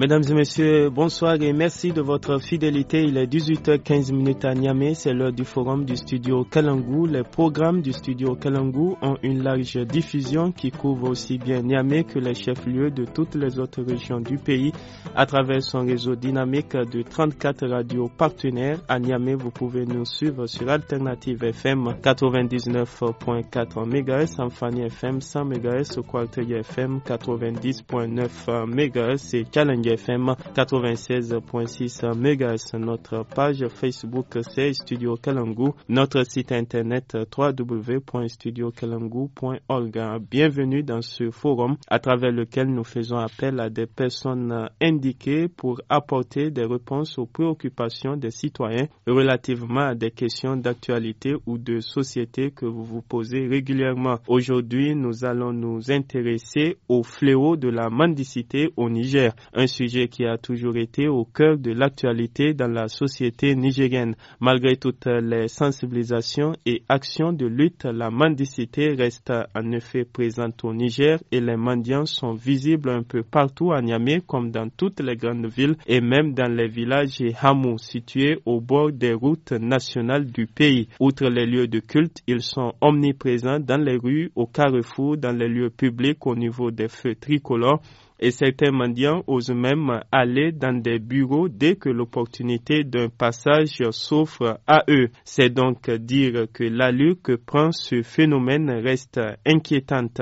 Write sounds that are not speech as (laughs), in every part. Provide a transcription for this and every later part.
Mesdames et messieurs, bonsoir et merci de votre fidélité. Il est 18h15 à Niamey, c'est l'heure du forum du studio Kalangou. Les programmes du studio Kalangou ont une large diffusion qui couvre aussi bien Niamey que les chefs-lieux de toutes les autres régions du pays à travers son réseau dynamique de 34 radios partenaires. À Niamey, vous pouvez nous suivre sur Alternative FM 99.4 MHz, Amphani FM 100 MHz, Quartier FM 90.9 MHz et Challenger. FM 96.6 MHz, notre page Facebook c'est Studio Kalangu, notre site internet www.studiokalangu.org. Bienvenue dans ce forum à travers lequel nous faisons appel à des personnes indiquées pour apporter des réponses aux préoccupations des citoyens relativement à des questions d'actualité ou de société que vous vous posez régulièrement. Aujourd'hui, nous allons nous intéresser au fléau de la mendicité au Niger, un sujet qui a toujours été au cœur de l'actualité dans la société nigérienne. Malgré toutes les sensibilisations et actions de lutte, la mendicité reste en effet présente au Niger et les mendiants sont visibles un peu partout à Niamey comme dans toutes les grandes villes et même dans les villages et hameaux situés au bord des routes nationales du pays. Outre les lieux de culte, ils sont omniprésents dans les rues, au carrefour, dans les lieux publics au niveau des feux tricolores et certains mendiants osent même aller dans des bureaux dès que l'opportunité d'un passage s'offre à eux. C'est donc dire que l'allure que prend ce phénomène reste inquiétante.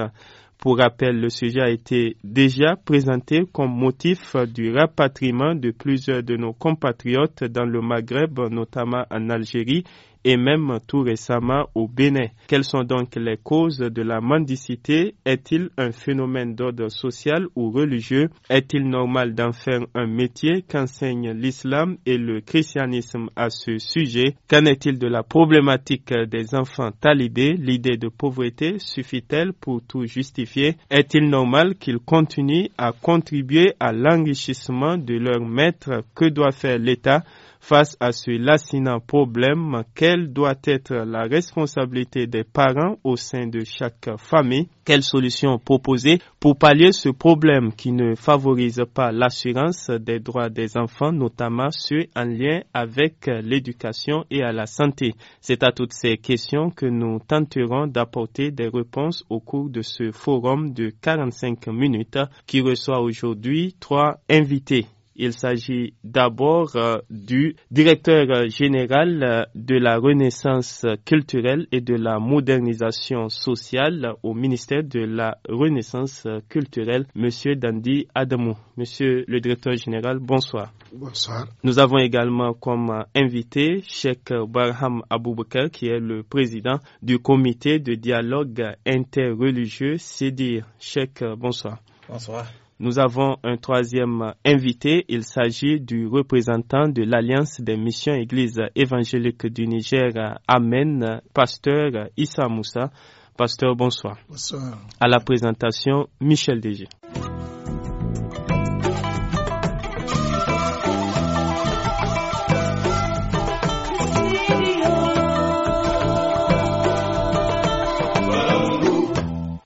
Pour rappel, le sujet a été déjà présenté comme motif du rapatriement de plusieurs de nos compatriotes dans le Maghreb, notamment en Algérie et même tout récemment au Bénin. Quelles sont donc les causes de la mendicité Est-il un phénomène d'ordre social ou religieux Est-il normal d'en faire un métier qu'enseignent l'islam et le christianisme à ce sujet Qu'en est-il de la problématique des enfants talibés L'idée de pauvreté suffit-elle pour tout justifier Est-il normal qu'ils continuent à contribuer à l'enrichissement de leur maître Que doit faire l'État Face à ce lacinant problème, quelle doit être la responsabilité des parents au sein de chaque famille Quelles solutions proposer pour pallier ce problème qui ne favorise pas l'assurance des droits des enfants, notamment ceux en lien avec l'éducation et à la santé C'est à toutes ces questions que nous tenterons d'apporter des réponses au cours de ce forum de 45 minutes qui reçoit aujourd'hui trois invités. Il s'agit d'abord euh, du directeur euh, général euh, de la Renaissance culturelle et de la modernisation sociale au ministère de la Renaissance culturelle, Monsieur Dandy Adamou. Monsieur le directeur général, bonsoir. Bonsoir. Nous avons également comme invité Cheikh Barham Aboubakar, qui est le président du comité de dialogue interreligieux, CEDIR. Cheikh, bonsoir. Bonsoir. Nous avons un troisième invité. Il s'agit du représentant de l'Alliance des missions Églises évangéliques du Niger, Amen, pasteur Issa Moussa. Pasteur, bonsoir. Bonsoir. À la présentation, Michel Dégé.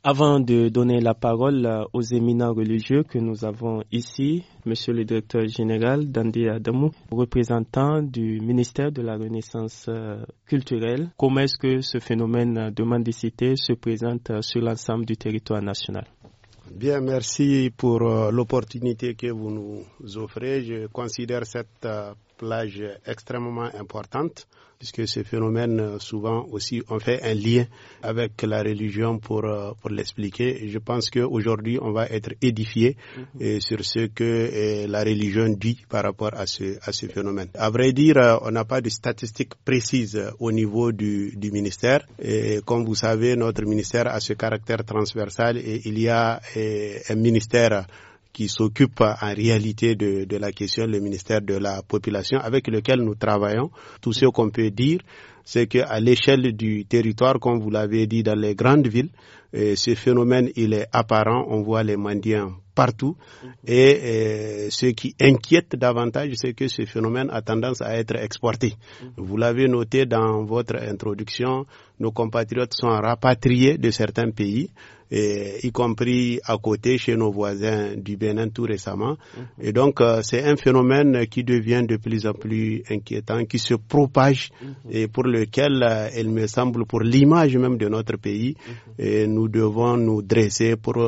Avant de donner la parole euh, aux éminents religieux que nous avons ici, Monsieur le Directeur Général Dandi Adamou, représentant du ministère de la Renaissance euh, culturelle, comment est-ce que ce phénomène euh, de mendicité se présente sur l'ensemble du territoire national Bien, merci pour l'opportunité que vous nous offrez. Je considère cette plage extrêmement importante, puisque ce phénomène, euh, souvent aussi, on fait un lien avec la religion pour, euh, pour l'expliquer. Je pense qu'aujourd'hui, on va être édifié mhm. euh, sur ce que la religion dit par rapport à ce, à ce phénomène. À vrai dire, on n'a pas de statistiques précises au niveau du, ministère. Et comme vous savez, notre ministère a ce caractère transversal et il y a un ministère qui s'occupe en réalité de, la question, le ministère de la Population, avec lequel nous travaillons. Tout ce qu'on peut dire, c'est qu'à l'échelle du territoire, comme vous l'avez dit, dans les grandes villes, euh, ce phénomène, il est apparent. On voit les mendiants partout. Et euh, ce qui inquiète davantage, c'est que ce phénomène a tendance à être exporté. Vous l'avez noté dans votre introduction, nos compatriotes sont rapatriés de certains pays. y compris à côté chez nos voisins du Bénin tout récemment. Mhm. Et donc, euh, c'est un phénomène qui devient de plus en plus inquiétant, qui se propage mhm. et pour lequel, il euh, me semble, pour l'image même de notre pays, mhm. et nous devons nous dresser pour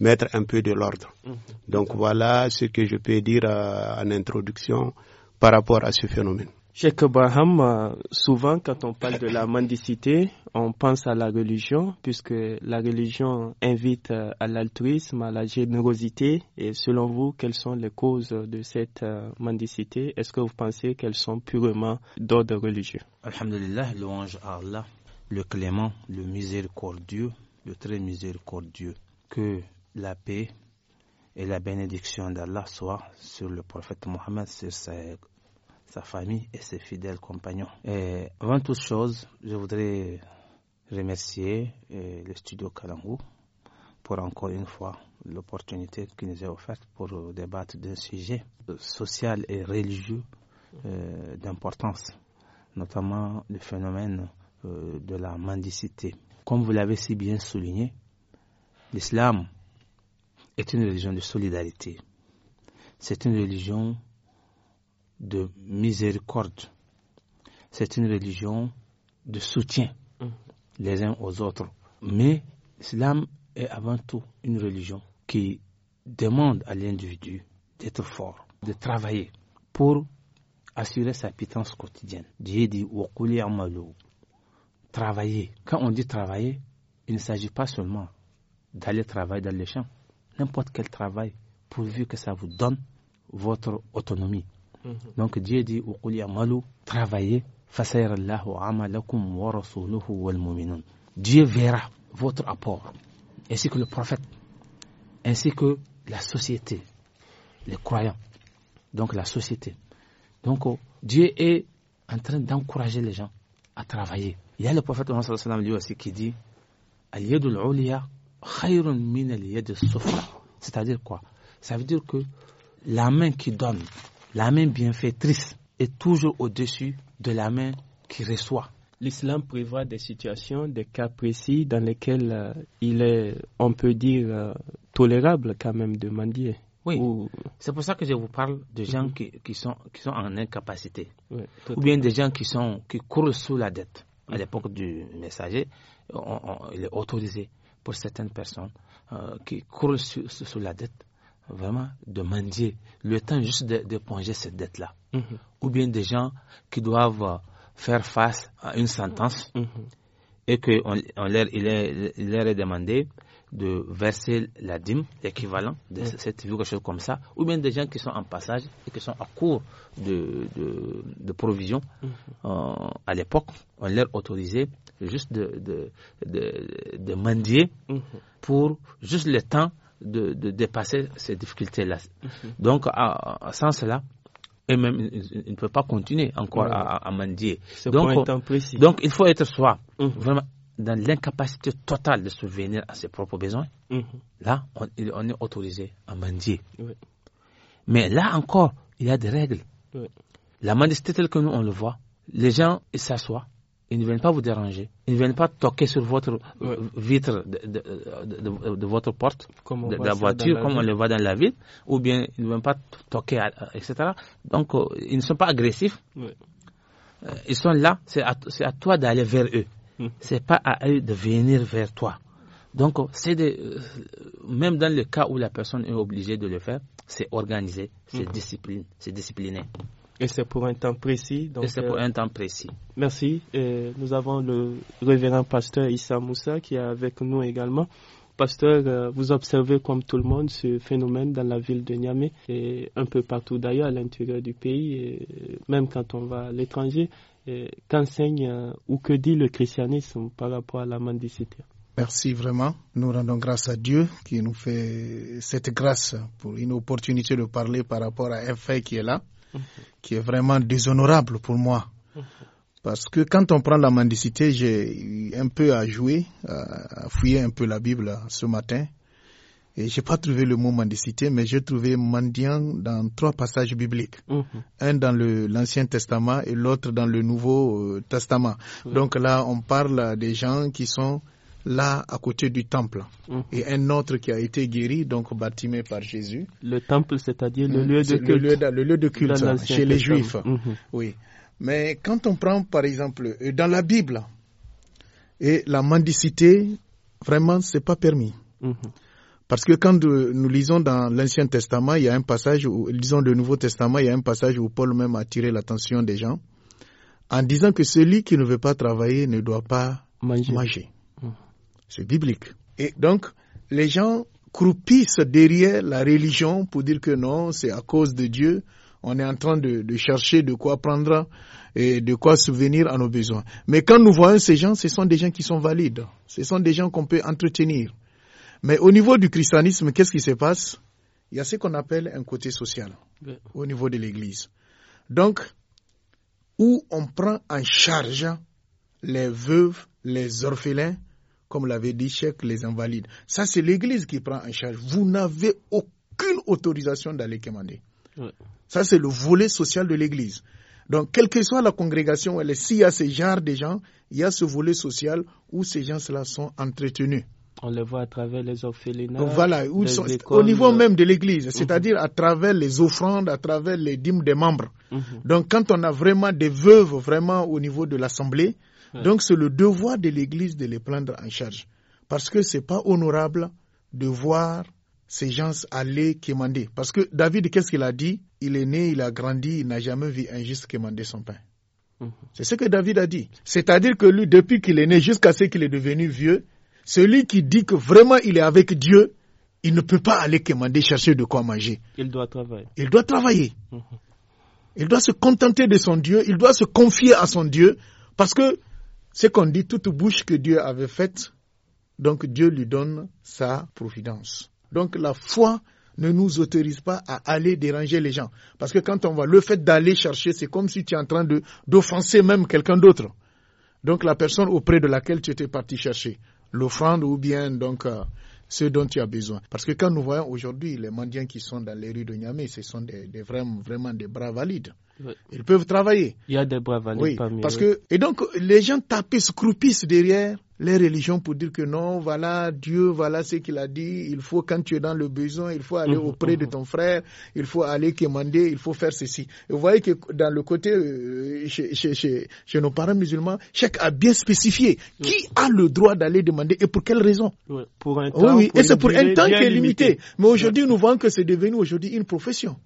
mettre un peu de l'ordre. Mhm. Donc voilà ce que je peux dire euh, en introduction par rapport à ce phénomène. Cheikh Abraham, euh, souvent quand on parle de la mendicité, on pense à la religion, puisque la religion invite euh, à l'altruisme, à la générosité. Et selon vous, quelles sont les causes de cette mendicité Est-ce que vous pensez qu'elles sont purement d'ordre religieux Alhamdulillah, louange à Allah, le clément, le miséricordieux, le très miséricordieux, que la paix et la bénédiction d'Allah soit sur le prophète Mohammed, sur sa, famille et ses fidèles compagnons. Et avant toute chose, je voudrais remercier euh, le studio Kalangou pour encore une fois l'opportunité qui nous est offerte pour débattre d'un sujet social et religieux euh, d'importance, notamment le phénomène euh, de la mendicité. Comme vous l'avez si bien souligné, l'islam est une religion de solidarité. C'est une religion de miséricorde. C'est une religion de soutien hum. les uns aux autres. Mais l'islam est avant tout une religion qui demande à l'individu d'être fort, de travailler pour assurer sa pitance quotidienne. Dieu dit Travailler. Quand on dit travailler, il ne s'agit pas seulement d'aller travailler dans les champs, n'importe quel travail, pourvu que ça vous donne votre autonomie. Mhm. Donc Dieu dit travaillez, Dieu verra votre apport, ainsi que le prophète, ainsi que la société, les croyants, donc la société. Donc oh, Dieu est en train d'encourager les gens à travailler. Il y a le prophète lui aussi qui dit al c'est-à-dire quoi Ça veut dire que la main qui donne, la main bienfaitrice, est toujours au-dessus de la main qui reçoit. L'islam prévoit des situations, des cas précis dans lesquels euh, il est, on peut dire, euh, tolérable quand même de mendier. Oui. C'est pour ça que je vous parle de gens mhm. qui, sont, qui sont en incapacité. ou bien des gens qui, sont, qui courent sous la dette. À l'époque du messager, il est autorisé pour certaines personnes euh, qui courent sur, la dette, vraiment de mendier le temps juste d'éponger de, cette dette-là. Mhm. Ou bien des gens qui doivent faire face à une sentence mhm. et que on leur est demandé de verser la dîme, l'équivalent de vie ou quelque chose comme ça, ou bien des gens qui sont en passage et qui sont à court de, de, provisions. Mhm. Euh, à l'époque, on leur autorisait juste de, de, mendier mhm. pour juste le temps de, de dépasser ces difficultés-là. Mhm. Donc, sans cela, et même ne peut pas continuer encore à, mendier. Donc, donc, il faut être soi, vraiment dans l'incapacité totale de se venir à ses propres besoins, mhm. là, on, est autorisé à mendier. Mais là encore, il y a des règles. La mendicité telle que nous, on le voit, les gens, ils s'assoient, ils ne viennent pas vous déranger, ils ne viennent pas toquer sur votre vitre de, votre porte, de, la voiture, comme on le voit dans la ville, ou bien ils ne viennent pas toquer, etc. Donc, euh, ils ne sont pas agressifs. Euh, ils sont là, c'est à toi d'aller vers eux. (laughs) c'est pas à eux de venir vers toi. Donc, c'est euh, même dans le cas où la personne est obligée de le faire, c'est organisé, c'est mm-hmm. discipliné, Et c'est pour un temps précis. et c'est pour euh, un temps précis. Merci. nous avons le révérend pasteur Issa Moussa qui est avec nous également. Pasteur, euh, vous observez comme tout le monde ce phénomène dans la ville de Niamey et un peu partout d'ailleurs à l'intérieur du pays, et même quand on va à l'étranger. Euh, qu'enseigne euh, ou que dit le christianisme par rapport à la mendicité. Merci vraiment. Nous rendons grâce à Dieu qui nous fait cette grâce pour une opportunité de parler par rapport à un fait qui est là, mhm. qui est vraiment déshonorable pour moi. Mhm. Parce que quand on prend la mendicité, j'ai un peu à jouer, à fouiller un peu la Bible ce matin j'ai pas trouvé le mot mendicité, mais j'ai trouvé mendiant dans trois passages bibliques. Mhm. Un dans l'Ancien Testament et l'autre dans le Nouveau euh, Testament. Donc là, on parle des gens qui sont là à côté du temple mhm. et un autre qui a été guéri donc baptisé par Jésus. Le temple, c'est-à-dire le, mm. lieu de culte. Le lieu de, culte chez les Juifs. Mhm. Oui. Mais quand on prend par exemple euh, dans la Bible et la mendicité, vraiment c'est pas permis. Parce que quand nous lisons dans l'Ancien Testament, il y a un passage, où, lisons le Nouveau Testament, il y a un passage où Paul même a attiré l'attention des gens en disant que celui qui ne veut pas travailler ne doit pas manger. Hum. C'est biblique. Et donc, les gens croupissent derrière la religion pour dire que non, c'est à cause de Dieu. On est en train de, de, chercher de quoi prendre et de quoi souvenir à nos besoins. Mais quand nous voyons ces gens, ce sont des gens qui sont valides. Ce sont des gens qu'on peut entretenir. Mais au niveau du christianisme, qu'est-ce qui se passe Il y a ce qu'on appelle un côté social au niveau de l'Église. Donc, où on prend en charge les veuves, les orphelins, comme l'avait dit Chèque, les invalides. Ça, c'est l'Église qui prend en charge. Vous n'avez aucune autorisation d'aller commander. Ça, c'est le volet social de l'Église. Donc, quelle que soit la congrégation, s'il y a ce genre de gens, il y a ce volet social où ces gens-là sont entretenus. On les voit à travers les orphelinats. les au niveau même de l'Église, c'est-à-dire mhm. à travers les offrandes, à travers les dîmes des membres. Mhm. Donc quand on a vraiment des veuves, vraiment au niveau de l'Assemblée, donc c'est le devoir de l'Église de les prendre en charge. Parce que c'est pas honorable de voir ces gens aller quémander. Parce que David, qu'est-ce qu'il a dit Il est né, il a grandi, il n'a jamais vu un juste quémander son pain. Mhm. C'est ce que David a dit. C'est-à-dire que lui, depuis qu'il est né jusqu'à ce qu'il est devenu vieux, celui qui dit que vraiment il est avec Dieu, il ne peut pas aller commander, chercher de quoi manger. Il doit travailler. Il doit travailler. Mhm. Il doit se contenter de son Dieu, il doit se confier à son Dieu, parce que c'est qu'on dit, toute bouche que Dieu avait faite, donc Dieu lui donne sa providence. Donc la foi ne nous autorise pas à aller déranger les gens. Parce que quand on voit le fait d'aller chercher, c'est comme si tu es en train d'offenser même quelqu'un d'autre. Donc la personne auprès de laquelle tu étais parti chercher l'offrande ou bien donc euh, ce dont tu as besoin. Parce que quand nous voyons aujourd'hui les mendiants qui sont dans les rues de Niamey, ce sont des, des vraiment, vraiment des bras valides. Ils peuvent travailler. Il y a des bras valides oui, parce Que, et donc, les gens tapent, se croupissent derrière les religions pour dire que non, voilà Dieu, voilà ce qu'il a dit, il faut quand tu es dans le besoin, il faut aller mmh, auprès de mmh. ton frère, il faut aller commander, il faut faire ceci. vous voyez que dans le côté euh, chez, chez, chez, nos parents musulmans, chaque a bien spécifié mmh. qui a le droit d'aller demander et pour quelle raison. Oui, oui, et c'est pour un temps qui est limité. Mais aujourd'hui, nous voyons que c'est devenu aujourd'hui une profession.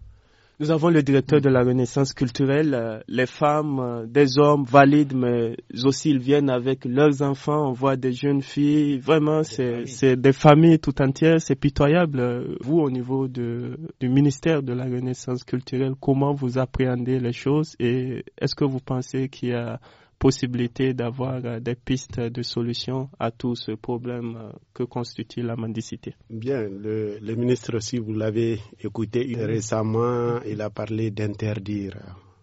Nous avons le directeur de la Renaissance culturelle. Euh, les femmes, euh, des hommes valides, mais aussi ils viennent avec leurs enfants. On voit des jeunes filles. Vraiment, c'est des familles tout entières. C'est pitoyable. Euh, vous, au niveau du ministère de la Renaissance culturelle, comment vous appréhendez les choses et est-ce que vous pensez qu'il y a possibilité d'avoir euh, des pistes de solutions à tout ce problème euh, que constitue la mendicité. Bien, le, ministre, si vous l'avez écouté récemment, il a parlé d'interdire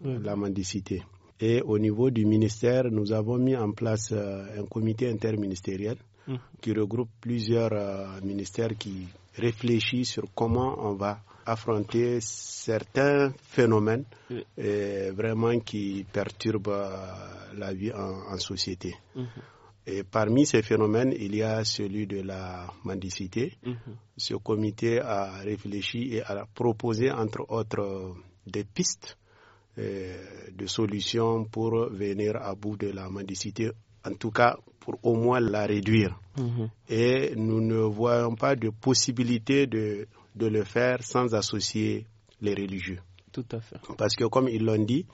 euh, la mendicité. Et au niveau du ministère, nous avons mis en place un comité interministériel mmh. qui regroupe plusieurs ministères qui réfléchissent sur comment on va affronter certains phénomènes eh, vraiment qui perturbent euh, la vie en, société. Mhm. Et parmi ces phénomènes, il y a celui de la mendicité. Mhm. Ce comité a réfléchi et a proposé, entre autres, des pistes eh, de solutions pour venir à bout de la mendicité, en tout cas pour au moins la réduire. Mhm. Et nous ne voyons pas de possibilité de de le faire sans associer les religieux. Tout à fait. Parce que comme ils l'ont dit,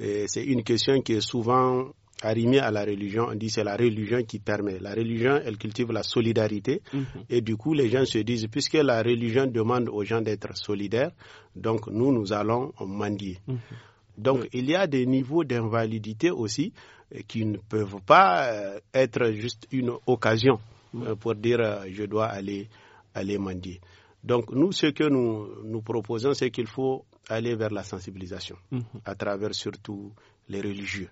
euh, c'est une question qui est souvent arrimée à la religion. On dit c'est la religion qui permet. La religion, elle cultive la solidarité. Mhm. Et du coup, les gens se disent, puisque la religion demande aux gens d'être solidaires, donc nous, nous allons mendier. Mhm. Donc, il y a des niveaux d'invalidité aussi euh, qui ne peuvent pas euh, être juste une occasion pour dire je dois aller, aller mendier. Donc nous, ce que nous, proposons, c'est qu'il faut aller vers la sensibilisation, mhm. à travers surtout les religieux,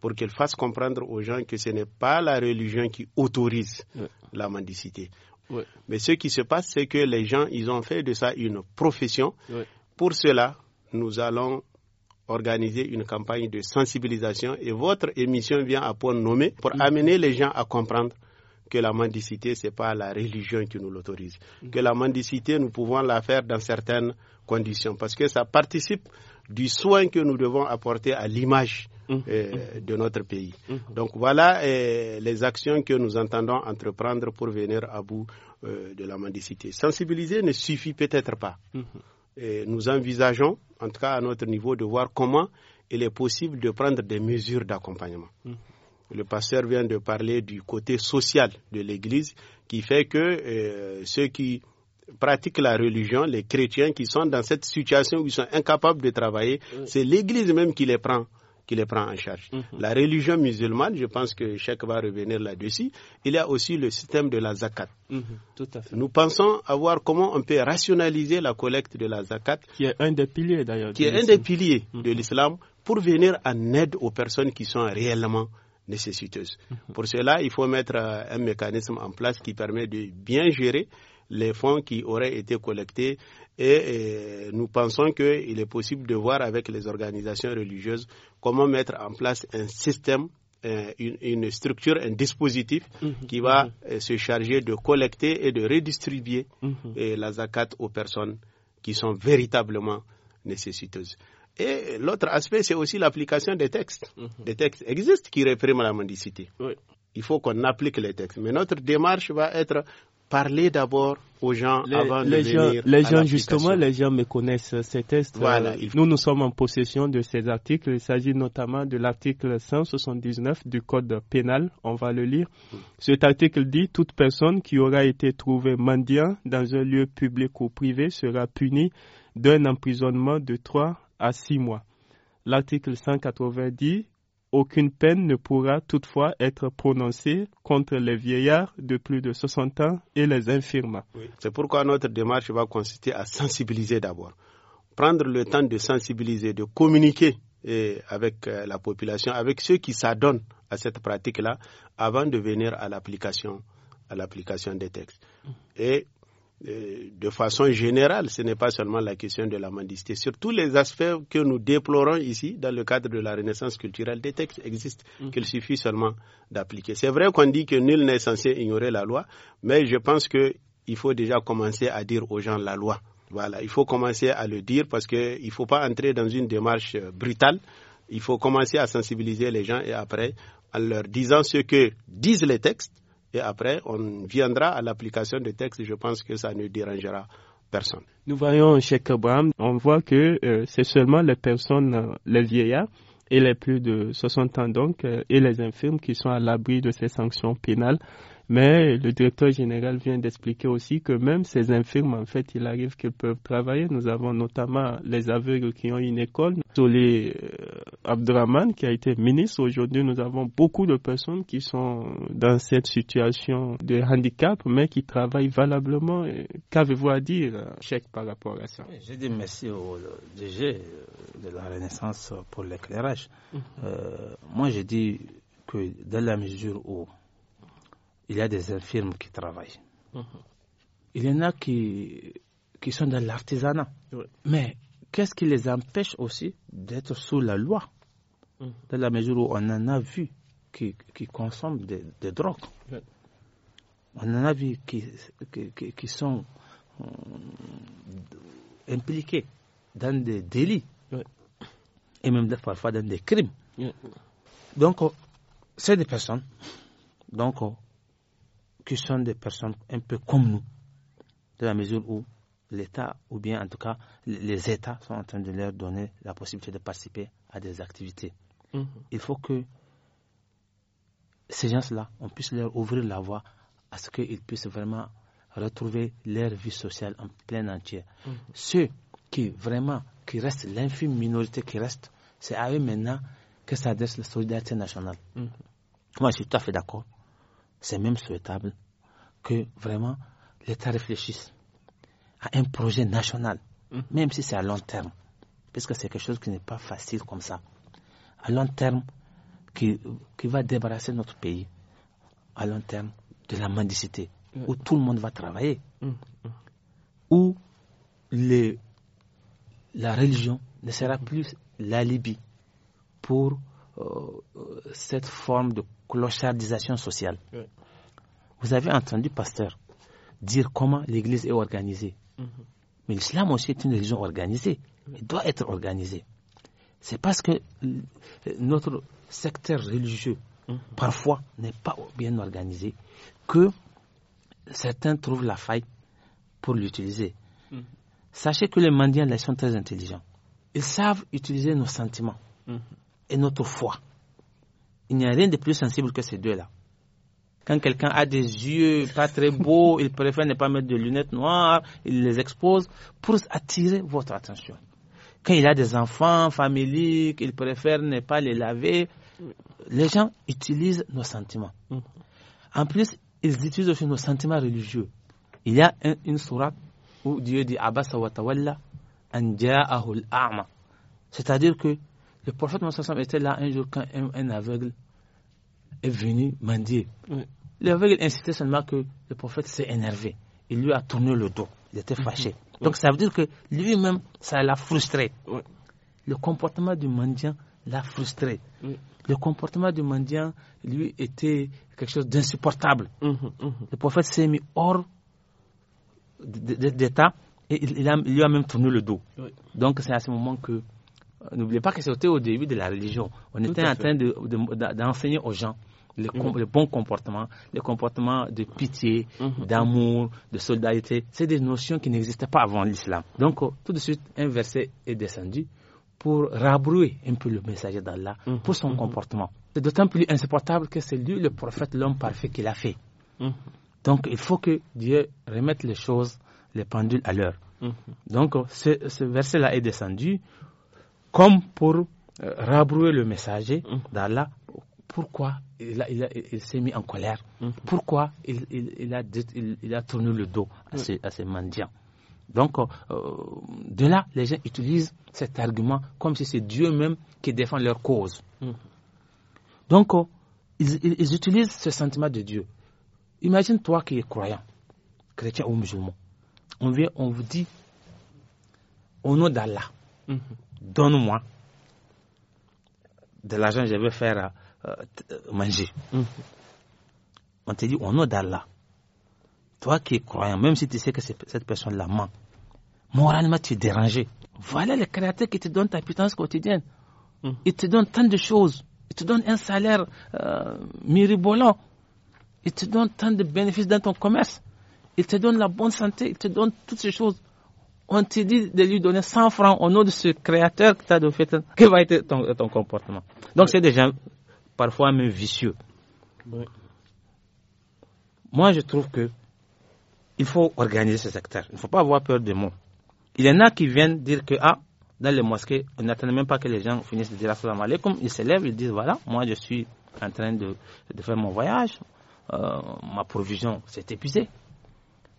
pour qu'ils fassent comprendre aux gens que ce n'est pas la religion qui autorise la mendicité. Mais ce qui se passe, c'est que les gens, ils ont fait de ça une profession. Pour cela, nous allons organiser une campagne de sensibilisation et votre émission vient à point nommé pour mm. amener les gens à comprendre que la mendicité, ce n'est pas la religion qui nous l'autorise. Mhm. Que la mendicité, nous pouvons la faire dans certaines conditions, parce que ça participe du soin que nous devons apporter à l'image mhm. euh, de notre pays. Mhm. Donc voilà euh, les actions que nous entendons entreprendre pour venir à bout euh, de la mendicité. Sensibiliser ne suffit peut-être pas. nous envisageons, en tout cas à notre niveau, de voir comment il est possible de prendre des mesures d'accompagnement le pasteur vient de parler du côté social de l'Église, qui fait que euh, ceux qui pratiquent la religion, les chrétiens qui sont dans cette situation où ils sont incapables de travailler, c'est l'Église même qui les prend qui les prend en charge. Mhm. La religion musulmane, je pense que Cheikh va revenir là-dessus, il y a aussi le système de la zakat. Mhm. Nous pensons à voir comment on peut rationaliser la collecte de la zakat. Qui est un des piliers d'ailleurs. Qui est un des piliers de mhm. l'islam pour venir en aide aux personnes qui sont réellement nécessiteuses. Mhm. Pour cela, il faut mettre euh, un mécanisme en place qui permet de bien gérer les fonds qui auraient été collectés et, nous pensons qu'il est possible de voir avec les organisations religieuses comment mettre en place un système euh, une, structure, un dispositif mhm. qui va mhm. euh, se charger de collecter et de redistribuer la zakat aux personnes qui sont véritablement nécessiteuses. Et l'autre aspect, c'est aussi l'application des textes. Mhm. Des textes existent qui répriment la mendicité. Il faut qu'on applique les textes. Mais notre démarche va être parler d'abord aux gens avant les de gens, Les gens, justement, les gens me connaissent euh, ces textes. Euh, nous, nous sommes en possession de ces articles. Il s'agit notamment de l'article 179 du Code pénal. On va le lire. Mm. Cet article dit « Toute personne qui aura été trouvée mendiant dans un lieu public ou privé sera punie d'un emprisonnement de trois à six mois. L'article 180 dit Aucune peine ne pourra toutefois être prononcée contre les vieillards de plus de 60 ans et les infirmes. C'est pourquoi notre démarche va consister à sensibiliser d'abord. Prendre le temps de sensibiliser, de communiquer avec euh, la population, avec ceux qui s'adonnent à cette pratique-là, avant de venir à l'application, à l'application des textes. Et euh, de façon générale, ce n'est pas seulement la question de la mendicité. Sur tous les aspects que nous déplorons ici, dans le cadre de la renaissance culturelle, des textes existent mm. qu'il suffit seulement d'appliquer. C'est vrai qu'on dit que nul n'est censé ignorer la loi, mais je pense qu'il faut déjà commencer à dire aux gens la loi. Voilà, il faut commencer à le dire parce qu'il ne faut pas entrer dans une démarche euh, brutale. Il faut commencer à sensibiliser les gens et après, en leur disant ce que disent les textes, et après, on viendra à l'application des textes. Je pense que ça ne dérangera personne. Nous voyons chez Kabram, on voit que euh, c'est seulement les personnes, euh, les vieillards et les plus de 60 ans donc, euh, et les infirmes qui sont à l'abri de ces sanctions pénales. Mais le directeur général vient d'expliquer aussi que même ces infirmes, en fait, il arrive qu'ils peuvent travailler. Nous avons notamment les aveugles qui ont une école. Solé euh, Abdraman, qui a été ministre, aujourd'hui, nous avons beaucoup de personnes qui sont dans cette situation de handicap, mais qui travaillent valablement. Qu'avez-vous à dire, Cheikh, par rapport à ça Je dis merci au euh, DG euh, de la Renaissance pour l'éclairage. Mhm. moi, je dis que dans la mesure où il y a des infirmes qui travaillent. Mhm. Il y en a qui, qui sont dans l'artisanat. Mais qu'est-ce qui les empêche aussi d'être sous la loi mhm. Dans la mesure où on en a vu qui, qui consomment des, drogues. On en a vu qui, qui, sont euh, impliqués dans des délits et même parfois dans des crimes. Donc, euh, c'est des personnes. Donc, euh, qui sont des personnes un peu comme nous, de la mesure où l'État, ou bien en tout cas les États, sont en train de leur donner la possibilité de participer à des activités. Mhm. Il faut que ces gens-là, on puisse leur ouvrir la voie à ce qu'ils puissent vraiment retrouver leur vie sociale en plein entier. Mhm. Ceux qui vraiment, qui restent, l'infime minorité qui reste, c'est à eux maintenant que s'adresse la solidarité nationale. Mhm. Moi, je suis tout à fait d'accord c'est même souhaitable que vraiment l'État réfléchisse à un projet national, hum. même si c'est à long terme, parce que c'est quelque chose qui n'est pas facile comme ça. À long terme, qui, va débarrasser notre pays, à long terme, de la mendicité, hum. où tout le monde va travailler, hum, où les, la religion ne sera plus l'alibi pour euh, cette forme de clochardisation sociale. Vous avez entendu Pasteur dire comment l'Église est organisée. Mhm. Mais l'islam aussi est une religion organisée. Il doit être organisé. C'est parce que euh, notre secteur religieux, mhm. parfois, n'est pas bien organisé que certains trouvent la faille pour l'utiliser. Mhm. Sachez que les mendiants, sont très intelligents. Ils savent utiliser nos sentiments et notre foi. Il n'y a rien de plus sensible que ces deux-là. Quand quelqu'un a des yeux pas très beaux, il préfère ne pas mettre de lunettes noires, il les expose pour attirer votre attention. Quand il a des enfants familiques, il préfère ne pas les laver. Les gens utilisent nos sentiments. En plus, ils utilisent aussi nos sentiments religieux. Il y a une sourate où Dieu dit Abbas wa cest C'est-à-dire que le prophète Mansassam était là un jour quand un, aveugle est venu mendier. L'aveugle insistait seulement que le prophète s'est énervé. Il lui a tourné le dos. Il était mhm. fâché. Donc ça veut dire que lui-même, ça l'a frustré. Le comportement du mendiant l'a frustré. Le comportement du mendiant, lui, était quelque chose d'insupportable. Mhm, mhm. Le prophète s'est mis hors d'état et il, lui a même tourné le dos. Donc c'est à ce moment que N'oubliez pas que c'était au début de la religion. On était en train d'enseigner aux gens le, mm-hmm. bon comportement, le comportement de pitié, mm-hmm. d'amour, de solidarité. C'est des notions qui n'existaient pas avant l'islam. Donc, euh, tout de suite, un verset est descendu pour rabrouer un peu le messager d'Allah, mm-hmm. pour son comportement. C'est d'autant plus insupportable que c'est lui, le prophète, l'homme parfait, qui l'a fait. Donc, il faut que Dieu remette les choses, les pendules à l'heure. Donc, euh, ce verset-là est descendu comme pour euh, rabrouer le messager mm. d'Allah pourquoi il, il, s'est mis en colère, mm. pourquoi il, a, tourné le dos à, ses mm. ces, mendiants. Donc, euh, de là, les gens utilisent cet argument comme si c'est Dieu même qui défend leur cause. Donc, euh, ils, utilisent ce sentiment de Dieu. Imagine toi qui es croyant, chrétien ou musulman. On, vient, on vous dit, au nom d'Allah, mm-hmm donne-moi de l'argent, je vais faire euh, euh, manger. Hum. On te dit, au nom d'Allah, toi qui es croyant, même si tu sais que cette personne la ment, moralement tu es dérangé. Voilà le créateur qui te donne ta puissance quotidienne. Hum. Il te donne tant de choses. Il te donne un salaire euh, miribolant. Il te donne tant de bénéfices dans ton commerce. Il te donne la bonne santé. Il te donne toutes ces choses on te dit de lui donner 100 francs au nom de ce créateur que tu as de fait, quel va être ton, comportement Donc c'est des gens parfois même vicieux. Moi, je trouve que il faut organiser ce secteur. Il ne faut pas avoir peur des mots. Il y en a qui viennent dire que, ah, dans les mosquées, on n'attend même pas que les gens finissent de dire assalamu alaikum. Ils se lèvent, ils disent, voilà, moi je suis en train de, faire mon voyage, euh, ma provision s'est épuisée.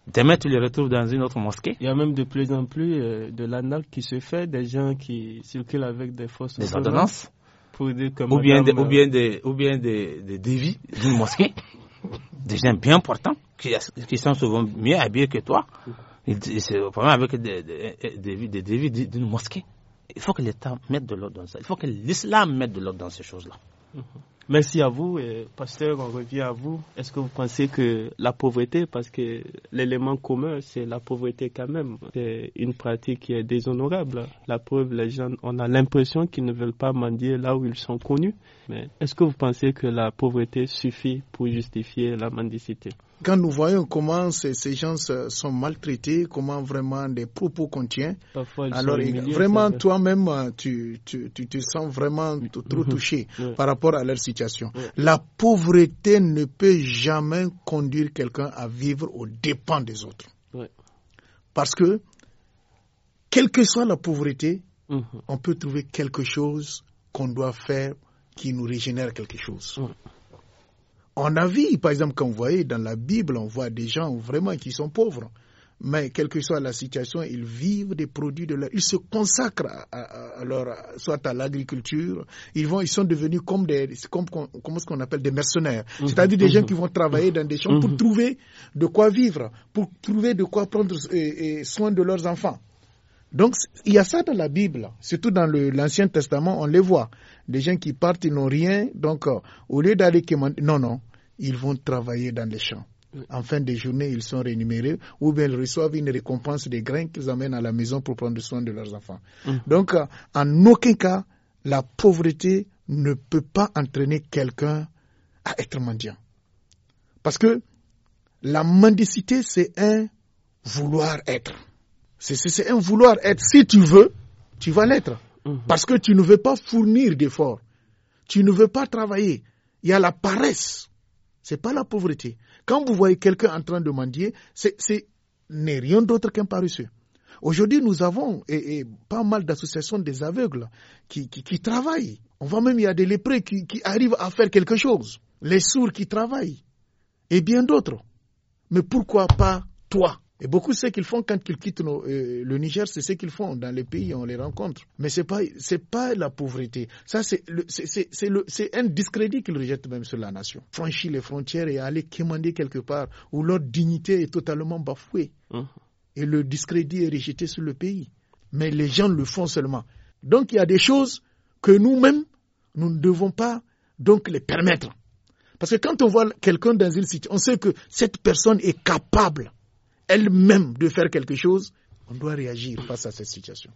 Demain, tu les retrouves dans une autre mosquée. Il y a même de plus en plus euh, de l'anal qui se fait, des gens qui circulent avec des fausses des ordonnances. ou, bien euh, des, ou bien des, ou bien des, d'une mosquée, (laughs) des gens bien portants, qui, sont souvent mieux habillés que toi. Ils, se avec des, des, d'une mosquée. Il faut que l'État mette de l'ordre dans ça. Il faut que l'islam mette de l'ordre dans ces choses-là. Mhm. Merci à vous. Et, pasteur, on revient à vous. Est-ce que vous pensez que la pauvreté, parce que l'élément commun, c'est la pauvreté quand même, c'est une pratique qui est déshonorable. La preuve, les gens, on a l'impression qu'ils ne veulent pas mendier là où ils sont connus. Mais est-ce que vous pensez que la pauvreté suffit pour justifier la mendicité quand nous voyons comment ces, gens sont maltraités, comment vraiment des propos qu'on tient, alors vraiment toi-même, euh, tu, tu, tu, te sens vraiment trop touché (laughs) par rapport à leur situation. La pauvreté ne peut jamais conduire quelqu'un à vivre aux dépens des autres. Parce que, quelle que soit la pauvreté, mm-hmm. on peut trouver quelque chose qu'on doit faire qui nous régénère quelque chose. Mm. On a vu, par exemple, quand vous voyez dans la Bible, on voit des gens vraiment qui sont pauvres. Mais quelle que soit la situation, ils vivent des produits de leur... Ils se consacrent à, leur, soit à l'agriculture. Ils vont, ils sont devenus comme des, comme, ce qu'on appelle des mercenaires. Mm-hmm. C'est-à-dire des gens qui mm-hmm. vont travailler dans des champs pour mm-hmm. trouver de quoi vivre, pour trouver de quoi prendre euh, euh, soin de leurs enfants. Donc, il y a ça dans la Bible, surtout dans l'Ancien Testament, on les voit. Des gens qui partent, ils n'ont rien, donc euh, au lieu d'aller non, non, ils vont travailler dans les champs. En fin de journée, ils sont rémunérés ou bien ils reçoivent une récompense des grains qu'ils amènent à la maison pour prendre soin de leurs enfants. Mmh. Donc, euh, en aucun cas, la pauvreté ne peut pas entraîner quelqu'un à être mendiant. Parce que la mendicité, c'est un vouloir être. C'est un vouloir être. Si tu veux, tu vas l'être. Mhm. Parce que tu ne veux pas fournir d'efforts. Tu ne veux pas travailler. Il y a la paresse. C'est pas la pauvreté. Quand vous voyez quelqu'un en train de mendier, c'est n'est rien d'autre qu'un paresseux. Aujourd'hui, nous avons et, pas mal d'associations des aveugles qui, qui, travaillent. On voit même il y a des lépreux qui arrivent à faire quelque chose. Les sourds qui travaillent et bien d'autres. Mais pourquoi pas toi et beaucoup ce qu'ils font quand ils quittent euh, le Niger, c'est ce qu'ils font dans les pays, où on les rencontre. Mais c'est pas, c'est pas la pauvreté. Ça, c'est c'est un discrédit qu'ils rejettent même sur la nation. Franchir les frontières et aller quémander quelque part où leur dignité est totalement bafouée. Hum. Et le discrédit est rejeté sur le pays. Mais les gens le font seulement. Donc il y a des choses que nous-mêmes, nous ne devons pas donc les permettre. Parce que quand on voit quelqu'un dans une situation, on sait que cette personne est capable elle-même de faire quelque chose, on doit réagir face à cette situation.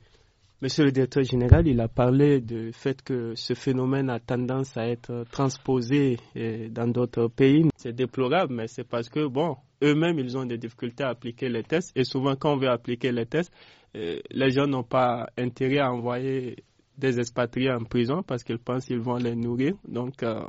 Monsieur le directeur général, il a parlé du fait que ce phénomène a tendance à être transposé eh, dans d'autres pays. C'est déplorable, mais c'est parce que, bon, eux-mêmes, ils ont des difficultés à appliquer les tests. Et souvent, quand on veut appliquer les tests, eh, les gens n'ont pas intérêt à envoyer des expatriés en prison parce qu'ils pensent qu'ils vont les nourrir. Donc, euh,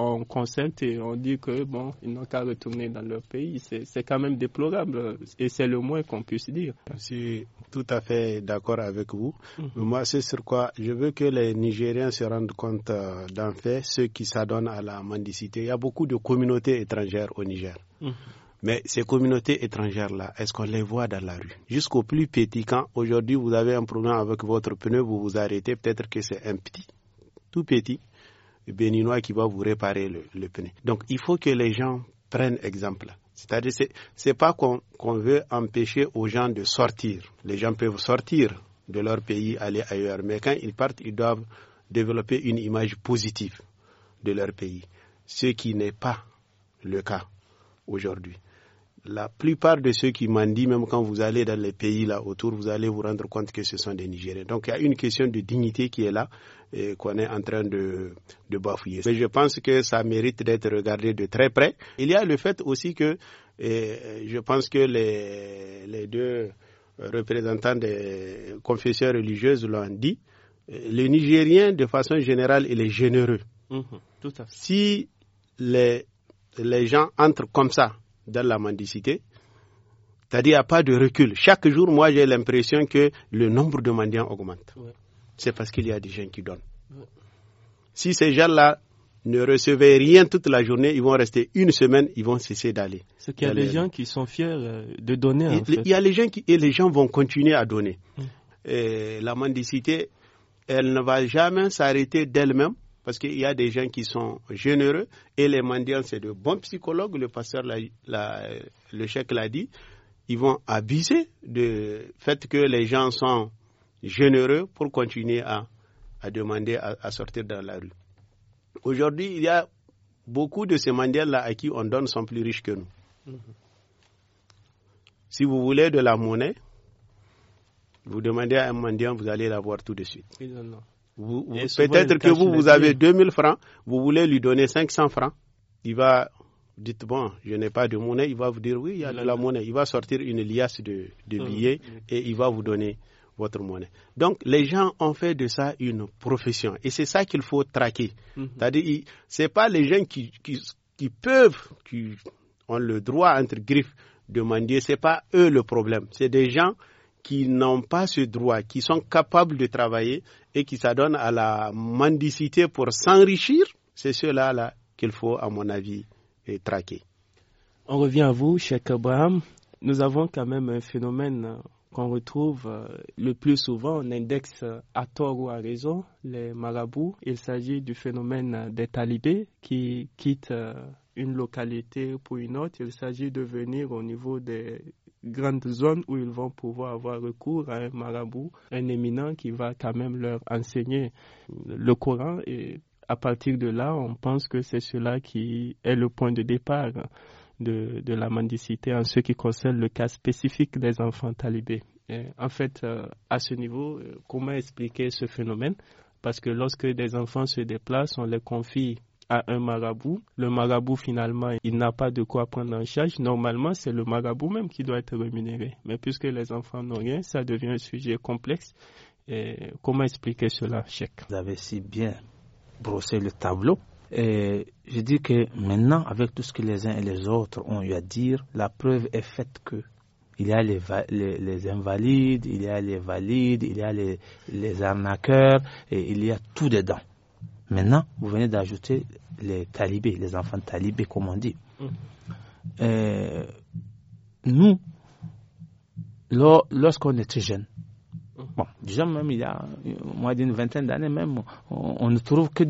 on consente et on dit que bon, ils n'ont qu'à retourner dans leur pays. C'est quand même déplorable et c'est le moins qu'on puisse dire. Je suis tout à fait d'accord avec vous. Mhm. Moi, c'est sur quoi je veux que les Nigériens se rendent compte euh, d'en fait, ceux qui s'adonnent à la mendicité. Il y a beaucoup de communautés étrangères au Niger. Mhm. Mais ces communautés étrangères-là, est-ce qu'on les voit dans la rue Jusqu'au plus petit, quand aujourd'hui vous avez un problème avec votre pneu, vous vous arrêtez, peut-être que c'est un petit, tout petit, béninois qui va vous réparer le, le pneu. Donc il faut que les gens prennent exemple. C'est-à-dire, c'est, c'est pas qu'on veut empêcher aux gens de sortir. Les gens peuvent sortir de leur pays, aller ailleurs. Mais quand ils partent, ils doivent développer une image positive de leur pays, ce qui n'est pas le cas aujourd'hui la plupart de ceux qui m'ont dit, même quand vous allez dans les pays là autour, vous allez vous rendre compte que ce sont des Nigériens. Donc il y a une question de dignité qui est là et qu'on est en train de, de bafouiller. Mais je pense que ça mérite d'être regardé de très près. Il y a le fait aussi que je pense que les, les deux représentants des confessions religieuses l'ont dit, les Nigériens, de façon générale, il est généreux. Mmh, tout à fait. Si les, les gens entrent comme ça dans la mendicité. C'est-à-dire, il n'y a pas de recul. Chaque jour, moi, j'ai l'impression que le nombre de mendiants augmente. C'est parce qu'il y a des gens qui donnent. Si ces gens-là ne recevaient rien toute la journée, ils vont rester une semaine, ils vont cesser d'aller. Il y a des gens qui sont fiers euh, de donner. Il, il y a les gens qui, et les gens vont continuer à donner. la mendicité, elle ne va jamais s'arrêter d'elle-même parce qu'il y a des gens qui sont généreux et les mendiants, c'est de bons psychologues. Le pasteur, la, la, le chèque l'a dit. Ils vont abuser du fait que les gens sont généreux pour continuer à, demander à, sortir dans la rue. Aujourd'hui, il y a beaucoup de ces mendiants-là à qui on donne sont plus riches que nous. Mm-hmm. Si vous voulez de la monnaie, vous demandez à un mendiant, vous allez l'avoir tout de suite. Peut-être que vous, vous avez 2000 francs, vous voulez lui donner 500 francs. Il va, dites bon, je n'ai pas de monnaie. Il va vous dire oui, il y a de la monnaie. Il va sortir une liasse de, hum. billets et il va vous donner votre monnaie. Donc, les gens ont fait de ça une profession. Et c'est ça qu'il faut traquer. Hum. C'est-à-dire, ce n'est pas les gens qui, peuvent, qui ont le droit, entre griffes, de mendier. Ce n'est pas eux le problème. C'est des gens qui n'ont pas ce droit, qui sont capables de travailler et qui s'adonnent à la mendicité pour s'enrichir, c'est cela là qu'il faut, à mon avis, eh, traquer. On revient à vous, Cheikh Abraham. Nous avons quand même un phénomène euh, qu'on retrouve euh, le plus souvent, on indexe euh, à tort ou à raison les marabouts. Il s'agit du phénomène des talibés qui quittent une localité pour une autre. Il s'agit de venir au niveau des grandes zones où ils vont pouvoir avoir recours à un marabout, un éminent qui va quand même leur enseigner le Coran et à partir de là, on pense que c'est cela qui est le point de départ de, la mendicité en ce qui concerne le cas spécifique des enfants talibés. en fait, euh, à ce niveau, euh, comment expliquer ce phénomène Parce que lorsque des enfants se déplacent, on les confie à un marabout. Le marabout, finalement, il n'a pas de quoi prendre en charge. Normalement, c'est le marabout même qui doit être rémunéré. Mais puisque les enfants n'ont rien, ça devient un sujet complexe. comment expliquer cela, Chèque Vous avez si bien brossé le tableau. Et je dis que maintenant, avec tout ce que les uns et les autres ont eu à dire, la preuve est faite que il y a les, les, invalides, il y a les valides, il y a les, les, arnaqueurs, et il y a tout dedans. Maintenant, vous venez d'ajouter les talibés, les enfants talibés, comme on dit. Mm. Euh, nous, lorsqu'on était jeune, mm. déjà même il y a moins d'une vingtaine d'années même, on, ne trouve que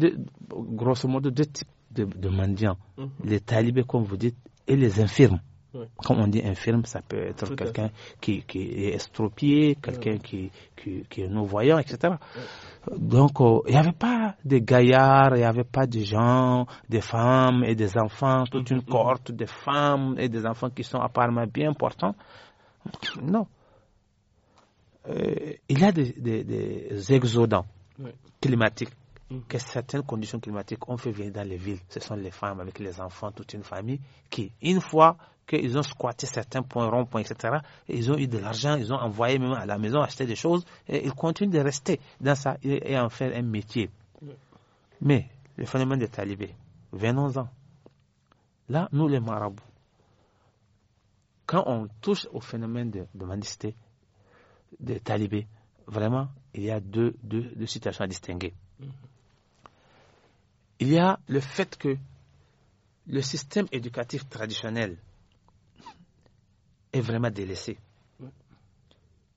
grosso modo deux types de, mendiants, mm. les talibés comme vous dites et les infirmes. Comme on dit infirme, ça peut être quelqu'un qui, est estropié, quelqu'un qui, qui, voyons, etc. Donc, euh, il n'y avait pas de gaillards, il n'y avait pas de gens, des femmes et des enfants, toute une mm-hmm, mm-hmm. cohorte de femmes et des enfants qui sont apparemment bien portants. Non. Euh, il y a des, exodants climatiques mm. que certaines conditions climatiques ont fait venir dans les villes. Ce sont les femmes avec les enfants, toute une famille qui, une fois qu'ils ont squatté certains points, ronds-points, etc. ils ont eu de l'argent, ils ont envoyé même à la maison acheter des choses, et ils continuent de rester dans ça et, en faire un métier. Mais le phénomène des talibés, venons-en. Là, nous les marabouts, quand on touche au phénomène de, de des talibés, vraiment, il y a deux, deux, deux situations à distinguer. Il y a le fait que le système éducatif traditionnel est vraiment délaissé.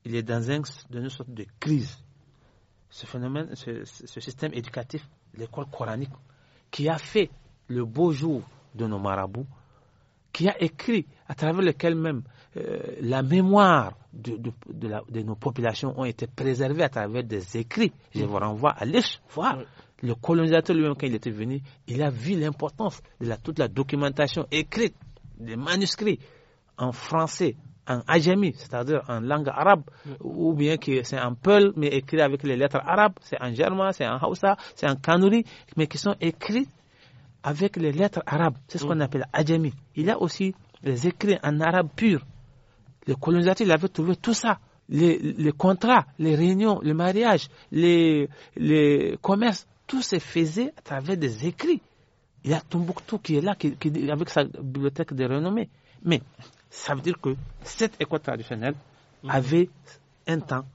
Il est dans, une sorte de crise. Ce phénomène, ce, système éducatif, l'école coranique, qui a fait le beau jour de nos marabouts, qui a écrit, à travers lequel même euh, la mémoire de, de, nos populations ont été préservées à travers des écrits. Je mm. vous renvoie à l'Ish, Le colonisateur lui-même, quand il était venu, il a vu l'importance de la, toute la documentation écrite, des manuscrits, en français, en ajami, c'est-à-dire en langue arabe, ou bien que c'est en peul, mais écrit avec les lettres arabes, c'est en germain, c'est en hausa, c'est en kanuri, mais qui sont écrits avec les lettres arabes. C'est ce qu'on mm. appelle ajami. Il y a aussi les écrits en arabe pur. Les colonisateurs, ils avaient trouvé tout ça. Les, contrats, les réunions, le mariage, les, les commerces, tout se faisait à travers des écrits. Il y a Tombouctou qui est là, avec sa bibliothèque de renommée. Mais ça veut dire que cette école traditionnelle mm-hmm. avait un temps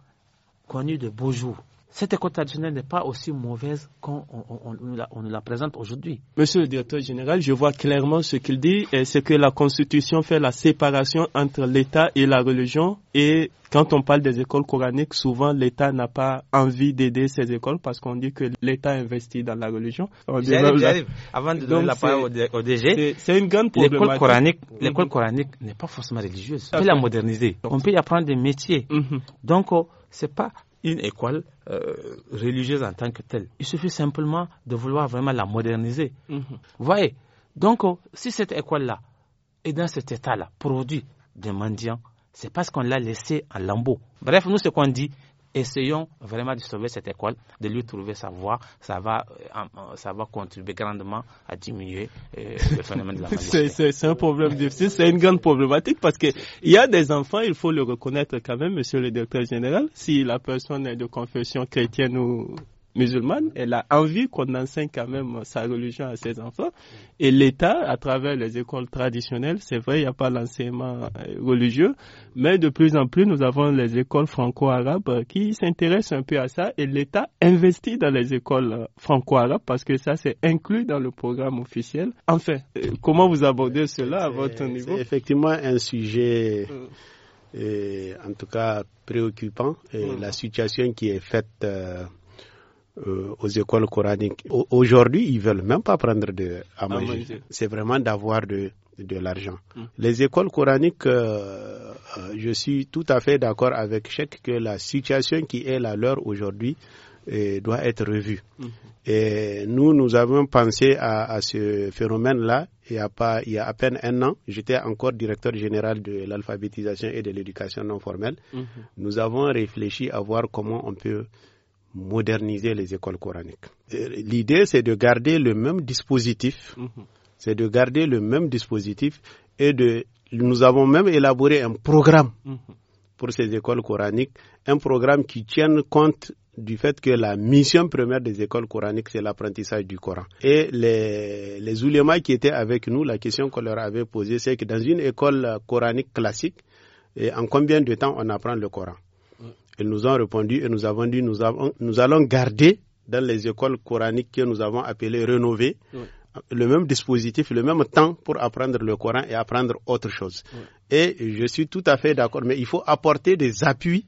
connu de beaux jours cette école traditionnelle n'est pas aussi mauvaise qu'on on, la présente aujourd'hui. Monsieur le directeur général, je vois clairement ce qu'il dit, c'est que la Constitution fait la séparation entre l'État et la religion et quand on parle des écoles coraniques, souvent l'État n'a pas envie d'aider ces écoles parce qu'on dit que l'État investit dans la religion. j'arrive. Avant de donner la parole au DG, c'est une grande problématique. L'école coranique, mm-hmm. l'école coranique n'est pas forcément religieuse. On peut la moderniser. On peut y apprendre des métiers. Mm-hmm. Donc, euh, c'est pas une école euh, religieuse en tant que telle. Il suffit simplement de vouloir vraiment la moderniser. Vous mhm. voyez Donc, oh, si cette école-là est dans cet état-là, produit des mendiants, c'est parce qu'on l'a laissé en lambeau. Bref, nous, ce qu'on dit, essayons vraiment de sauver cette école, de lui trouver sa voie. Ça va, euh, ça va contribuer grandement à diminuer euh, le phénomène de la (laughs) maladie. c'est un problème difficile, c'est une grande problématique parce qu'il y a des enfants, il faut le reconnaître quand même, monsieur le directeur général, si la personne est de confession chrétienne ou musulmane, elle a envie qu'on enseigne quand même sa religion à ses enfants. Et l'État, à travers les écoles traditionnelles, c'est vrai, il n'y a pas l'enseignement euh, religieux, mais de plus en plus, nous avons les écoles franco-arabes qui s'intéressent un peu à ça et l'État investit dans les écoles euh, franco-arabes parce que ça, c'est inclus dans le programme officiel. Enfin, euh, comment vous abordez cela à votre niveau C'est effectivement un sujet... Mm. en tout cas préoccupant. Et mm. La situation qui est faite euh, aux écoles coraniques. Aujourd'hui, ils veulent même pas prendre de, à manger. C'est vraiment d'avoir de, de l'argent. Mm. Les écoles coraniques, euh, euh, je suis tout à fait d'accord avec Cheikh que la situation qui est la leur aujourd'hui doit être revue. Mm. Et nous, nous avons pensé à, à ce phénomène-là il y, a pas, il y a à peine un an. J'étais encore directeur général de l'alphabétisation et de l'éducation non formelle. Mm-hmm. Nous avons réfléchi à voir comment on peut moderniser les écoles coraniques. L'idée, c'est de garder le même dispositif, mhm. c'est de garder le même dispositif et de, nous avons même élaboré un programme mhm. pour ces écoles coraniques, un programme qui tienne compte du fait que la mission première des écoles coraniques, c'est l'apprentissage du Coran. Et les, les oulémas qui étaient avec nous, la question qu'on leur avait posée, c'est que dans une école coranique classique, en combien de temps on apprend le Coran ils nous ont répondu et nous avons dit nous, avons, nous allons garder dans les écoles coraniques que nous avons appelées rénovées le même dispositif, le même temps pour apprendre le Coran et apprendre autre chose. Et je suis tout à fait d'accord, mais il faut apporter des appuis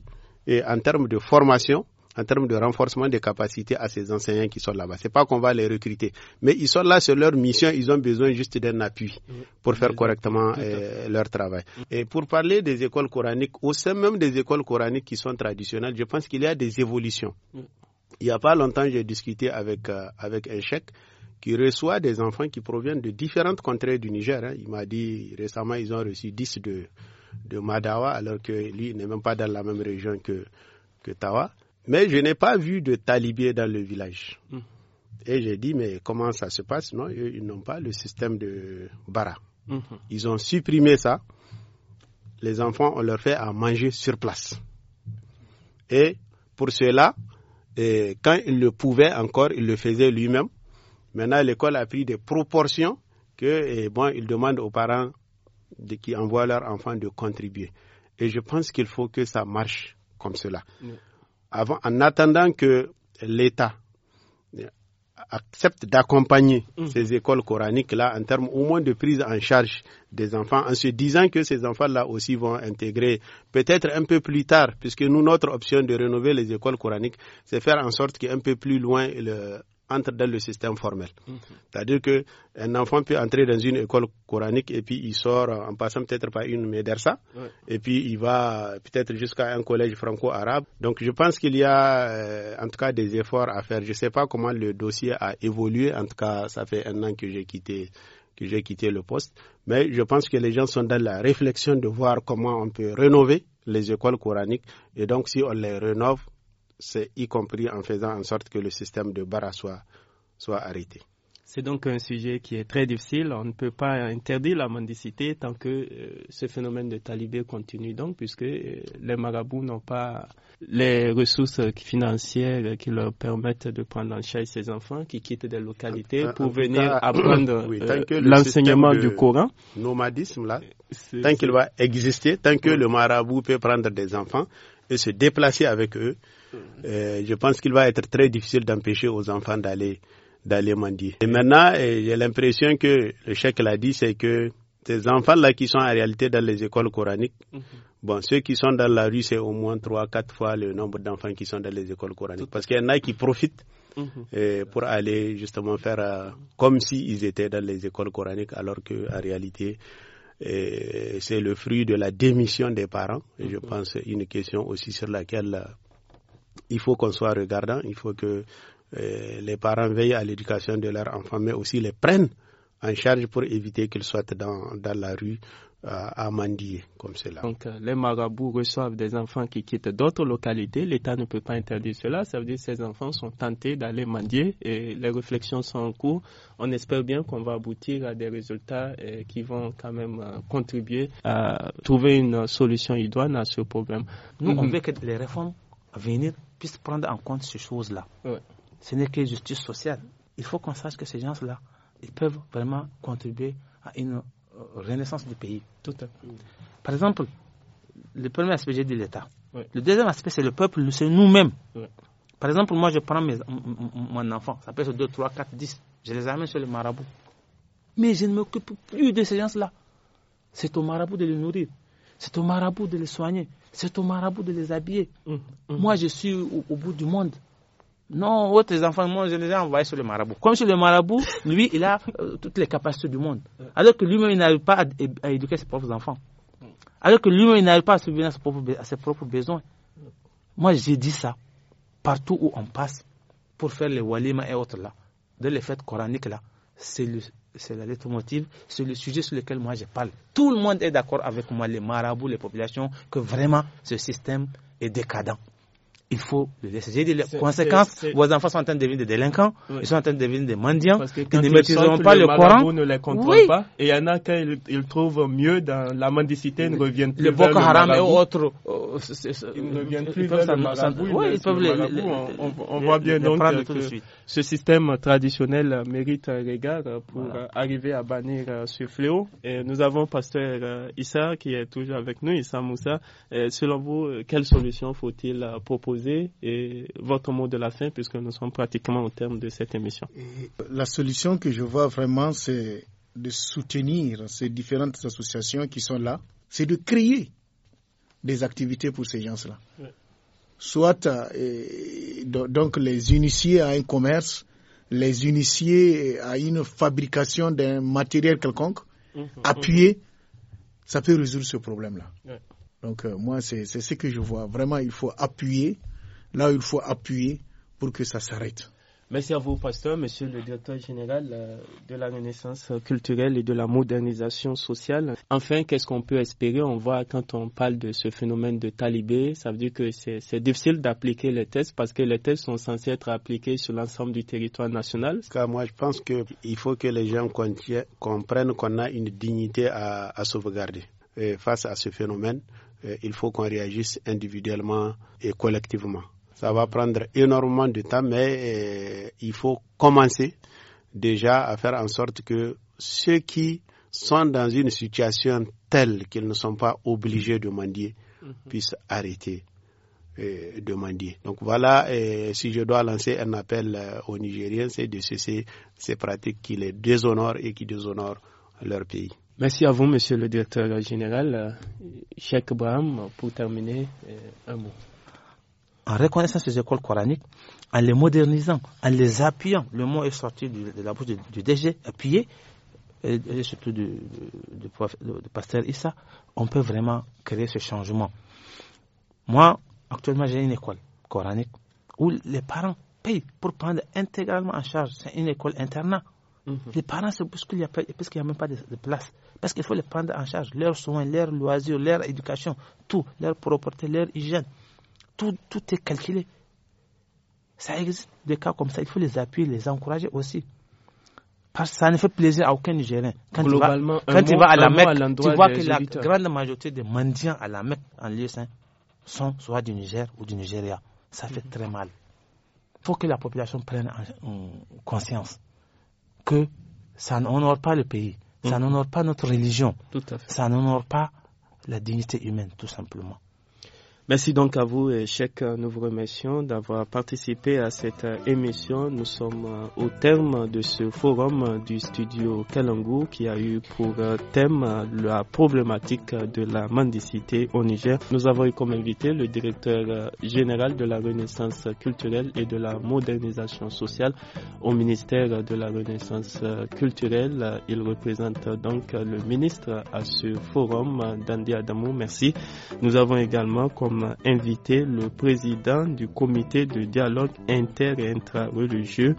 en termes de formation en termes de renforcement des capacités à ces enseignants qui sont là-bas. C'est pas qu'on va les recruter, mais ils sont là, sur leur mission, ils ont besoin juste d'un appui pour faire correctement euh, leur travail. Et pour parler des écoles coraniques, au sein même des écoles coraniques qui sont traditionnelles, je pense qu'il y a des évolutions. Il n'y a pas longtemps, j'ai discuté avec, euh, avec un chèque qui reçoit des enfants qui proviennent de différentes contrées du Niger. Hein. Il m'a dit récemment, ils ont reçu 10 de, de Madawa, alors que lui n'est même pas dans la même région que, que Tawa. Mais je n'ai pas vu de talibé dans le village. Hmm. Et j'ai dit, mais comment ça se passe Non, ils n'ont pas le système de bara. Hmm. Ils ont supprimé ça. Les enfants, on leur fait à manger sur place. Et pour cela, quand ils le pouvaient encore, ils le faisaient lui-même. Maintenant, l'école a pris des proportions que, bon, il demandent aux parents de, qui envoient leurs enfants de contribuer. Et je pense qu'il faut que ça marche comme cela avant, en attendant que l'État accepte d'accompagner mmh. ces écoles coraniques-là en termes au moins de prise en charge des enfants, en se disant que ces enfants-là aussi vont intégrer peut-être un peu plus tard, puisque nous, notre option de rénover les écoles coraniques, c'est faire en sorte qu'un peu plus loin, le, entre dans le système formel. Mhm. C'est-à-dire que un enfant peut entrer dans une école coranique et puis il sort en passant peut-être par une médersa et puis il va peut-être jusqu'à un collège franco-arabe. Donc je pense qu'il y a euh, en tout cas des efforts à faire. Je ne sais pas comment le dossier a évolué. En tout cas, ça fait un an que j'ai quitté que j'ai quitté le poste, mais je pense que les gens sont dans la réflexion de voir comment on peut rénover les écoles coraniques et donc si on les rénove, c'est y compris en faisant en sorte que le système de Bara soit, arrêté. C'est donc un sujet qui est très difficile. On ne peut pas interdire la mendicité tant que euh, ce phénomène de talibé continue donc, puisque euh, les marabouts n'ont pas les ressources financières qui leur permettent de prendre en charge ces enfants qui quittent des localités pour venir (coughs) apprendre euh, l'enseignement du Coran. Nomadisme là, tant qu'il va exister, tant que le marabout peut prendre des enfants et se déplacer avec eux, euh, je pense qu'il va être très difficile d'empêcher aux enfants d'aller d'aller mendier. Et maintenant, euh, j'ai l'impression que le chèque l'a dit, c'est que ces enfants-là qui sont en réalité dans les écoles coraniques, mhm. bon, ceux qui sont dans la rue, c'est au moins 3-4 fois le nombre d'enfants qui sont dans les écoles coraniques. Parce qu'il y en a qui profitent mhm. euh, pour aller justement faire comme s'ils étaient dans les écoles coraniques, alors qu'en réalité, c'est le fruit de la démission des parents. Et je mhm. pense une question aussi sur laquelle il faut qu'on soit regardant, il faut que euh, les parents veillent à l'éducation de leurs enfants, mais aussi les prennent en charge pour éviter qu'ils soient dans, dans la rue euh, à mendier comme cela. Donc euh, les marabouts reçoivent des enfants qui quittent d'autres localités, l'État ne peut pas interdire cela, ça veut dire que ces enfants sont tentés d'aller mendier et les réflexions sont en cours. On espère bien qu'on va aboutir à des résultats qui vont quand même contribuer à trouver une solution idoine à ce problème. Nous, on veut que les réformes venir puissent prendre en compte ces choses-là. Ce n'est que justice sociale. Il faut qu'on sache que ces gens-là, ils peuvent vraiment contribuer à une euh, renaissance du pays. Tout Par exemple, le premier aspect, j'ai dit l'État. Le deuxième aspect, c'est le peuple, c'est nous-mêmes. Par exemple, moi, je prends mes, mon enfant, ça peut être 2, 3, 4, 10. Je les amène sur le marabout. Mais je ne m'occupe plus de ces gens-là. C'est au marabout de les nourrir. C'est au marabout de les soigner. C'est au marabout de les habiller. Mm, mm. Moi, je suis au, bout du monde. Non, autres oh, enfants, moi, je les ai envoyés sur le marabout. Comme sur le marabout, lui, il a euh, toutes les capacités du monde. Alors que lui-même, il n'arrive pas à, éduquer ses propres enfants. Alors que lui-même, il n'arrive pas à subvenir à ses propres, besoins. Moi, j'ai dit ça partout où on passe pour faire les walima et autres là, de les fêtes coraniques là. C'est le, c'est la motive, c'est le sujet sur lequel moi je parle. Tout le monde est d'accord avec moi, les marabouts, les populations, que vraiment ce système est décadent il faut les laisser. J'ai conséquences. Vos enfants sont en train de devenir des délinquants, ils sont en train de devenir des mendiants, Parce que ne maîtriseront pas le, Coran. ne les contrôle pas. Et il y en a qui ils, trouvent mieux dans la mendicité, ne reviennent plus. Le Boko Haram et autres. Euh, ils ne euh, reviennent plus vers le marabout. Oui, ils peuvent les, on, voit bien donc que ce système traditionnel mérite un regard pour arriver à bannir euh, ce fléau. Et nous avons pasteur Issa qui est toujours avec nous, Issa Moussa. selon vous, quelle solution faut-il proposer et votre mot de la fin, puisque nous sommes pratiquement au terme de cette émission. la solution que je vois vraiment, c'est de soutenir ces différentes associations qui sont là, c'est de créer des activités pour ces gens-là. Soit euh, donc les initier à un commerce, les initier à une fabrication d'un matériel quelconque, mmh, mmh. appuyer, ça peut résoudre ce problème-là. Donc euh, moi, c'est ce que je vois. Vraiment, il faut appuyer Là, il faut appuyer pour que ça s'arrête. Merci à vous, pasteur, monsieur le directeur général euh, de la Renaissance culturelle et de la modernisation sociale. Enfin, qu'est-ce qu'on peut espérer On voit quand on parle de ce phénomène de talibé, ça veut dire que c'est difficile d'appliquer les tests parce que les tests sont censés être appliqués sur l'ensemble du territoire national. Car moi, je pense qu'il faut que les gens comprennent qu'on a une dignité à, sauvegarder face à ce phénomène. Euh, il faut qu'on réagisse individuellement et collectivement. Ça va prendre énormément de temps, mais euh, il faut commencer déjà à faire en sorte que ceux qui sont dans une situation telle qu'ils ne sont pas obligés de mendier mhm. puissent arrêter euh, de mendier. Donc voilà, euh, si je dois lancer un appel aux Nigériens, c'est de cesser ces pratiques qui les déshonorent et qui déshonorent leur pays. Merci à vous, Monsieur le Directeur Général. Cheikh Brahm, pour terminer, un mot en reconnaissant ces écoles coraniques, en les modernisant, en les appuyant. Le mot est sorti de la bouche du, DG, appuyé, et, surtout du, pasteur Issa. On peut vraiment créer ce changement. Moi, actuellement, j'ai une école coranique où les parents payent pour prendre intégralement en charge. C'est une école internat. Mhm. Les parents se bousculent parce qu'il n'y a même pas de, place. Parce qu'il faut les prendre en charge, leurs soins, leurs loisirs, leur éducation, tout, leur propreté, leur hygiène tout, est calculé. Ça existe des cas comme ça, il faut les appuyer, les encourager aussi. Parce que ça ne fait plaisir à aucun Nigérien. Quand tu vas, quand tu vas à la Mecque, tu vois que la grande majorité des mendiants à la Mecque, en lieu saint, sont soit du Niger ou du Nigeria. Ça fait mhm. très mal. Il faut que la population prenne conscience que ça n'honore pas le pays, ça mhm. n'honore pas notre religion, ça n'honore pas la dignité humaine, tout simplement. Merci donc à vous, et Chèque. Euh, nous vous remercions d'avoir participé à cette euh, émission. Nous sommes euh, au terme de ce forum du studio Kalangu qui a eu pour thème la problématique de la mendicité au Niger. Nous avons eu comme invité le directeur général de la Renaissance culturelle et de la modernisation sociale au ministère de la Renaissance culturelle. Il représente donc le ministre à ce forum, Dandi Adamou. Merci. Nous avons également comme invité le président du comité de dialogue inter et intra-religieux,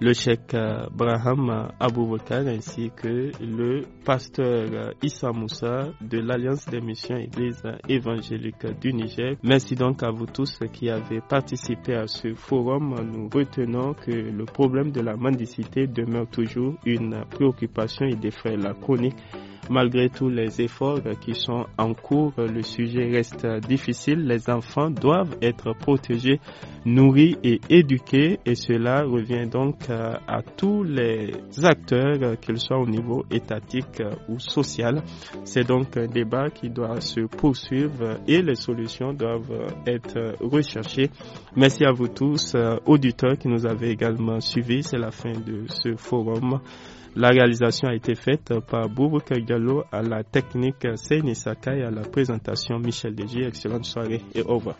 le cheikh Abraham euh, Aboubakar, ainsi que le pasteur euh, Issa Moussa de l'Alliance des missions églises évangéliques du Niger. Merci donc à vous tous qui avez participé à ce forum. Nous retenons que le problème de la mendicité demeure toujours une préoccupation et des la chronique Malgré tous les efforts qui sont en cours, le sujet reste difficile. Les enfants doivent être protégés, nourris et éduqués et cela revient donc euh, à tous les acteurs, qu'ils soient au niveau étatique euh, ou social. C'est donc un débat qui doit se poursuivre et les solutions doivent euh, être recherchées. Merci à vous tous, auditeurs qui nous avez également suivis. C'est la fin de ce forum. La réalisation a été faite par Boubou Kagalo à la technique Seine Sakai à la présentation Michel Deji. Excellente soirée et au revoir.